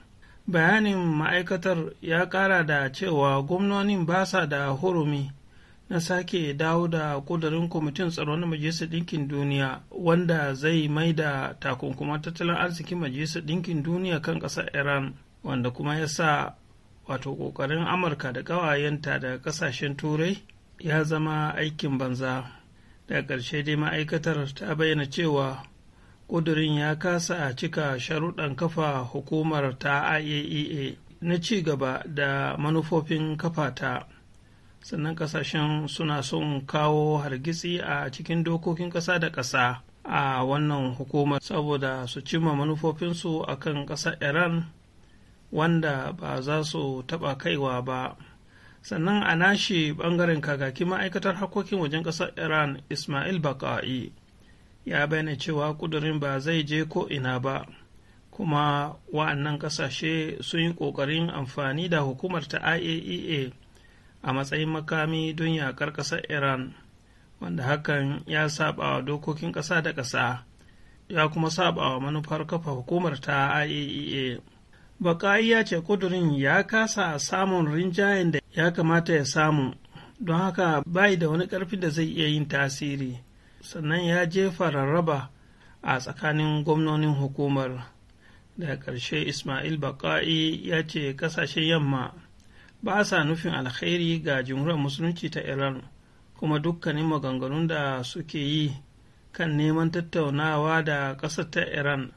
bayanin ma'aikatar ya ƙara da cewa gwamnonin ba sa da hurumi na sake dawo da kudurin kwamitin tsaro na majalisar ɗinkin duniya wanda zai mai da takunkuman tattalin arzikin majalisar ɗinkin duniya kan ƙasar iran wanda kuma ya sa wato ƙoƙarin amurka da ƙawayenta daga ƙasashen turai ya zama aikin banza daga ƙarshe dai ma'aikatar ta bayyana cewa ƙudurin ya kasa cika sharuɗan kafa hukumar ta iaea e na ci gaba da manufofin kafa ta sannan kasashen suna son kawo hargitsi a cikin dokokin ƙasa da ƙasa a wannan hukumar saboda su cimma manufofinsu a kan ƙasar iran wanda ba za su taɓa kaiwa ba sannan a nashi ɓangaren kakaki ma'aikatar harkokin wajen ƙasar iran ismail baka'i ya bayyana cewa ƙudurin ba zai je ko ina ba kuma wa'annan ƙasashe sun yi ƙoƙarin amfani da hukumar ta iaea e a matsayin makami don yaƙar ƙasar iran wanda hakan ya saba wa dokokin ƙasa da ƙasa ya kuma saba wa manufar kafa hukumar ta iaea bakai ya ce kudurin ya kasa samun rinjayen da ya kamata ya samu don haka bai da wani ƙarfi da zai iya yin tasiri sannan ya jefa rarraba a tsakanin gwamnonin hukumar daga ƙarshe ismail bakai ya ce ƙasashen yamma ba sa nufin alkhairi ga jumhuriyar musulunci ta iran kuma dukkanin maganganun da suke yi kan neman tattaunawa da ƙasar ta iran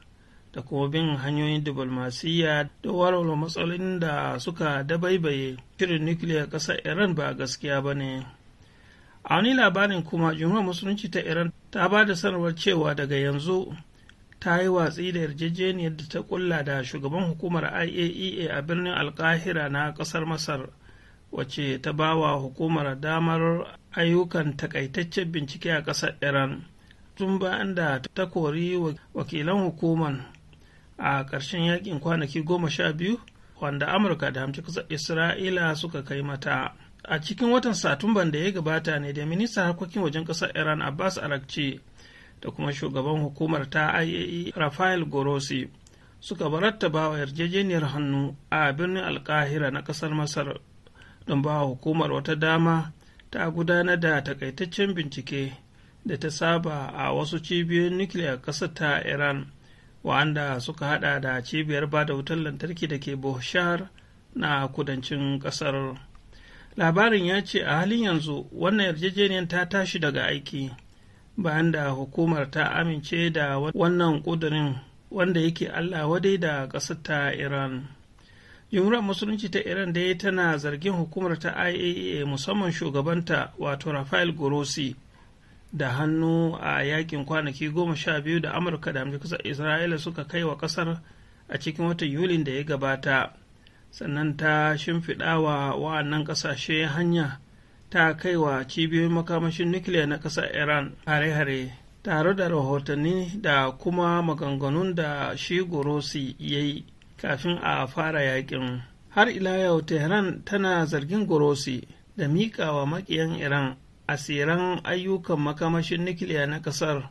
da kuma bin hanyoyin diplomasiyya da warware matsalolin da suka dabaibaye shirin nukiliyar ƙasar iran ba gaskiya ba ne a wani labarin kuma jumhuriyar musulunci ta iran ta ba da sanarwar cewa daga yanzu ta yi watsi da yarjejeniyar da ta kulla da shugaban hukumar iaea e a birnin alkahira na ƙasar masar wace ta ba wa hukumar damar ayyukan takaitaccen bincike a ƙasar iran tun bayan da ta kori wakilan hukumar a ƙarshen yakin kwanaki goma sha biyu wanda amurka da hamci ƙasar isra'ila suka kai mata a cikin watan satumban da ya gabata ne da ministan harkokin wajen ƙasar iran abbas arakci da kuma shugaban hukumar ta IAE Rafael Gorosi suka bar wa yarjejeniyar hannu a birnin alkahira na ƙasar Masar don ba hukumar wata dama ta gudanar da takaitaccen bincike da ta saba a wasu cibiyoyin nukiliyar ƙasar ta Iran wa'anda suka hada da cibiyar ba da wutar lantarki da ke Bohshar na kudancin ƙasar. Labarin ya ce a halin yanzu wannan yarjejeniyar ta tashi daga aiki. bayan da hukumar ta amince da wannan ƙudurin wanda yake Allah wadai da ƙasar ta Iran. Jumhuriyar Musulunci ta Iran dai tana zargin hukumar ta IAEA musamman shugabanta wato Rafael Grossi da hannu a yakin kwanaki goma sha biyu da Amurka da Amurka Isra'ila suka kai wa ƙasar a cikin watan Yulin da ya gabata. Sannan ta shimfiɗa wa wa'annan ƙasashe hanya ta kai wa cibiyoyin makamashin nukiliya na ƙasar iran hare-hare tare da rahotanni da kuma maganganun da shi gorosi ya yi kafin a fara yakin har ila yau tehran tana zargin gorosi da miƙawa maƙiyan iran asiran ayyukan makamashin nukiliya na ƙasar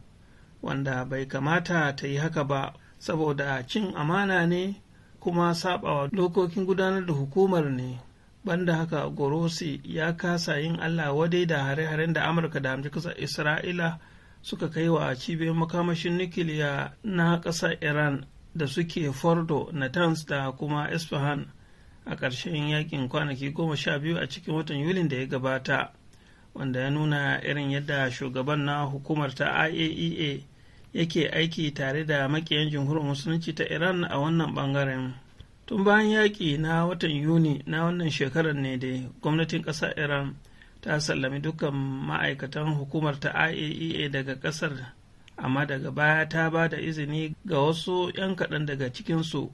wanda bai kamata ta yi haka ba saboda cin amana ne kuma saɓawa dokokin gudanar da hukumar ne banda haka gorosi ya kasa yin allah wadai da hare-haren da amurka da amurka isra'ila suka kai wa cibiyar makamashin nukiliya na ƙasar iran da suke fordo natanz da kuma isfahan a ƙarshen yakin kwanaki goma sha biyu a cikin watan yulin da ya gabata wanda ya nuna irin yadda shugaban na hukumar ta iaea e yake aiki tare da makiyan jamhuriyar musulunci ta iran a wannan bangaren. tun bayan yaƙi na watan yuni na wannan shekarar ne dai gwamnatin ƙasar iran ta sallami dukkan ma'aikatan hukumar ta iaea e daga ƙasar amma daga baya ta ba da izini ga wasu 'yan kaɗan daga cikinsu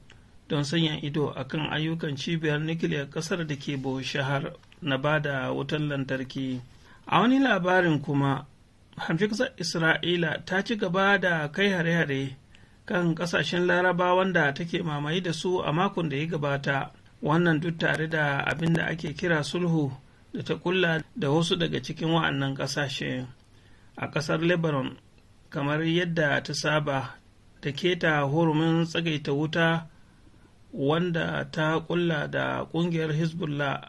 don sanya ido a kan ayyukan cibiyar nukiliyar ƙasar da ke shahar na ba da wutar lantarki a wani labarin kuma hamshi ƙasar isra'ila ta ci gaba da kai hare-hare kan ƙasashen laraba wanda take mamaye da su a makon da ya gabata wannan duk tare da abin da ake kira sulhu da ta kulla da wasu daga cikin wa'annan ƙasashe a ƙasar lebanon kamar yadda ta saba da keta hurumin tsagaita wuta wanda ta kulla da ƙungiyar hezbollah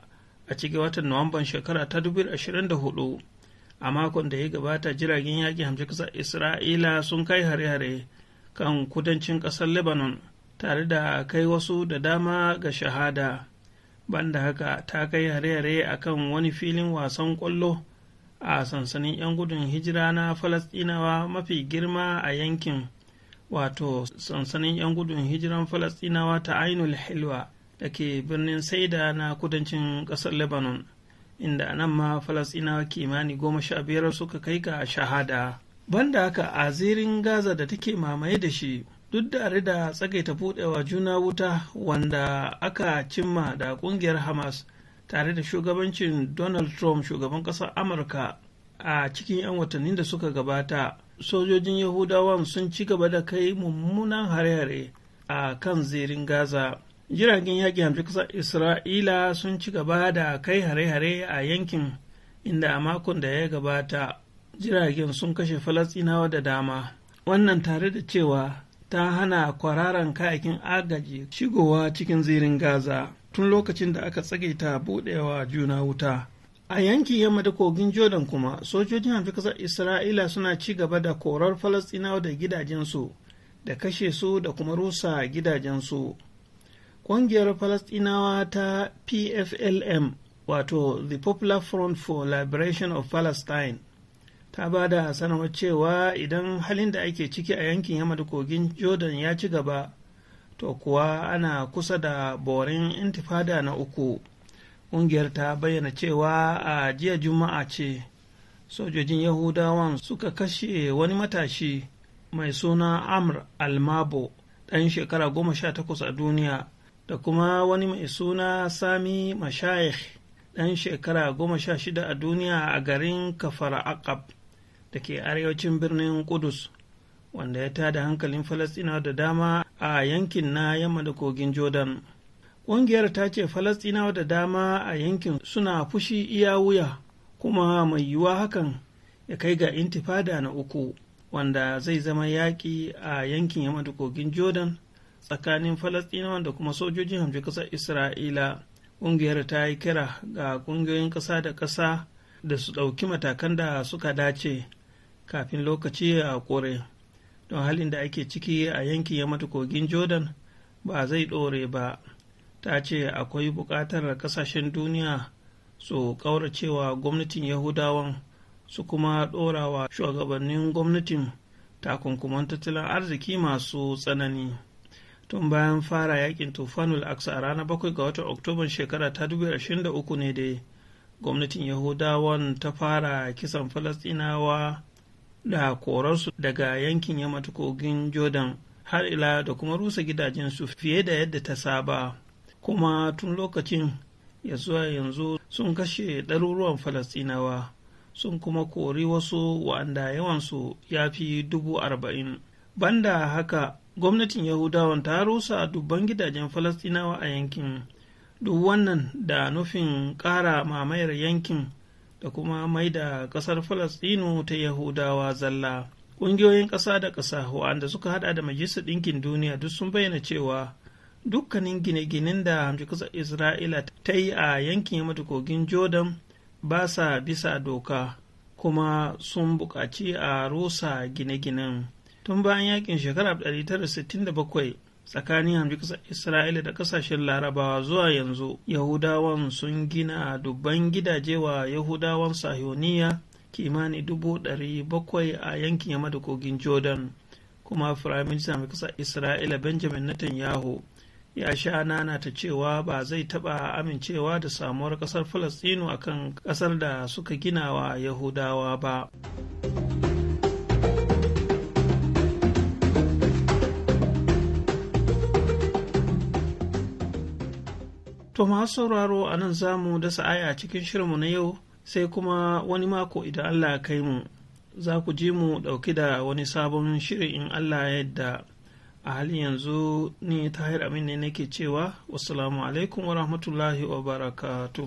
a cikin watan nuwamban shekara ta 2024 a makon da ya gabata jiragen yaƙi hamsin ƙasar isra'ila sun kai hare-hare kan kudancin ƙasar lebanon tare da kai wasu da dama ga shahada banda haka ta kai hare-hare a kan wani filin wasan ƙwallo a sansanin 'yan gudun hijira na falasɗinawa mafi girma a yankin wato sansanin 'yan gudun hijiran falasɗinawa ta ainul hilwa da ke birnin saida na kudancin ƙasar lebanon inda nan ma falasɗinawa kimani goma sha biyar suka kai ga shahada banda haka a zirin gaza da take mamaye da shi duk da da tsagaita budewa juna wuta wanda aka cimma da kungiyar hamas tare da shugabancin donald trump shugaban kasar amurka a cikin 'yan watannin da suka gabata sojojin yahudawan sun ci gaba da kai mummunan hare-hare a kan zirin gaza jiragen yaƙi hamsin kasar isra'ila sun ci gaba da kai hare-hare a yankin inda a makon da ya gabata jiragen sun kashe falasinawa da dama wannan tare da cewa ta hana kwararan kayakin agaji shigowa cikin zirin gaza tun lokacin da aka tsage ta budewa juna wuta a yanki yamma da kogin jordan kuma sojojin hamfi kasar isra'ila suna ci gaba da korar falastinawa da gidajensu da kashe su da kuma rusa gidajensu ƙungiyar falastinawa ta pflm wato the popular front for liberation of palestine ta ba da sanarwar cewa idan halin da ake ciki a yankin yamma da kogin jordan ya ci gaba to kuwa ana kusa da borin intifada na uku ƙungiyar ta bayyana cewa a jiya juma'a ce sojojin yahudawan suka kashe wani matashi mai suna amr almabo ɗan shekara goma sha takwas a duniya da kuma wani mai suna sami mashayikh ɗan shekara goma sha shida a duniya a garin kafar aqab da ke arewacin birnin Kudus, wanda ya tada hankalin Falasɗinawa da dama a yankin na yamma da kogin Jordan. Ƙungiyar ta ce Falasɗinawa da dama a yankin suna fushi iya wuya, kuma mai yiwuwa hakan ya kai ga intifada na uku, wanda zai zama yaƙi a yankin yamma da kogin Jordan tsakanin Falasɗinawa da kuma sojojin hamshe ƙasar Isra'ila. Ƙungiyar ta yi kira ga ƙungiyoyin ƙasa da ƙasa da su ɗauki matakan da suka dace kafin lokaci a kore don halin da ake ciki a yankin yamata kogin jordan ba zai ɗore ba ta ce akwai buƙatar kasashen duniya su ƙauracewa gwamnatin yahudawan su kuma ɗorawa shugabannin gwamnatin takunkuman tattalin arziki masu tsanani tun bayan fara yakin tufanul aksa a ranar 7 ga watan oktoban shekara ta uku ne dai gwamnatin yahudawan ta fara kisan falastinawa da korarsu daga yankin ya kogin jordan har ila da kuma rusa gidajensu fiye da yadda ta saba kuma tun lokacin ya zuwa yanzu sun kashe ɗaruruwan falastinawa sun kuma kori wasu wa'anda yawansu ya fi dubu arba'in banda haka gwamnatin yahudawan ta rusa dubban gidajen falastinawa a yankin duk wannan da nufin ƙara mamayar yankin da kuma mai da ƙasar Falasɗinu ta Yahudawa zalla. Ƙungiyoyin ƙasa da ƙasa waɗanda suka hada da Majalisar Ɗinkin Duniya duk sun bayyana cewa dukkanin gine-ginen da hamshe Isra'ila ta yi a yankin yamata kogin Jordan ba sa bisa doka kuma sun buƙaci a rusa gine-ginen. Tun bayan yakin shekara 1967 tsakanin hamjikasar isra'ila da kasashen larabawa zuwa yanzu yahudawan sun gina dubban gidaje wa yahudawan sahioniya kimani dubu ɗari bakwai a yankin yamma da kogin jordan kuma firaminista mai kasa isra'ila benjamin netanyahu ya sha nana ta cewa ba zai taɓa amincewa da samuwar ƙasar falastinu akan kasar da suka gina wa yahudawa ba. To masu sauraro a nan za mu dasa aya cikin shirinmu na yau sai kuma wani mako idan Allah ya kai mu za ku ji mu ɗauki da wani sabon shirin in Allah yadda a halin yanzu ni tahir amin ne nake cewa wasu alaikum wa rahmatullahi wa barakatu.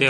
で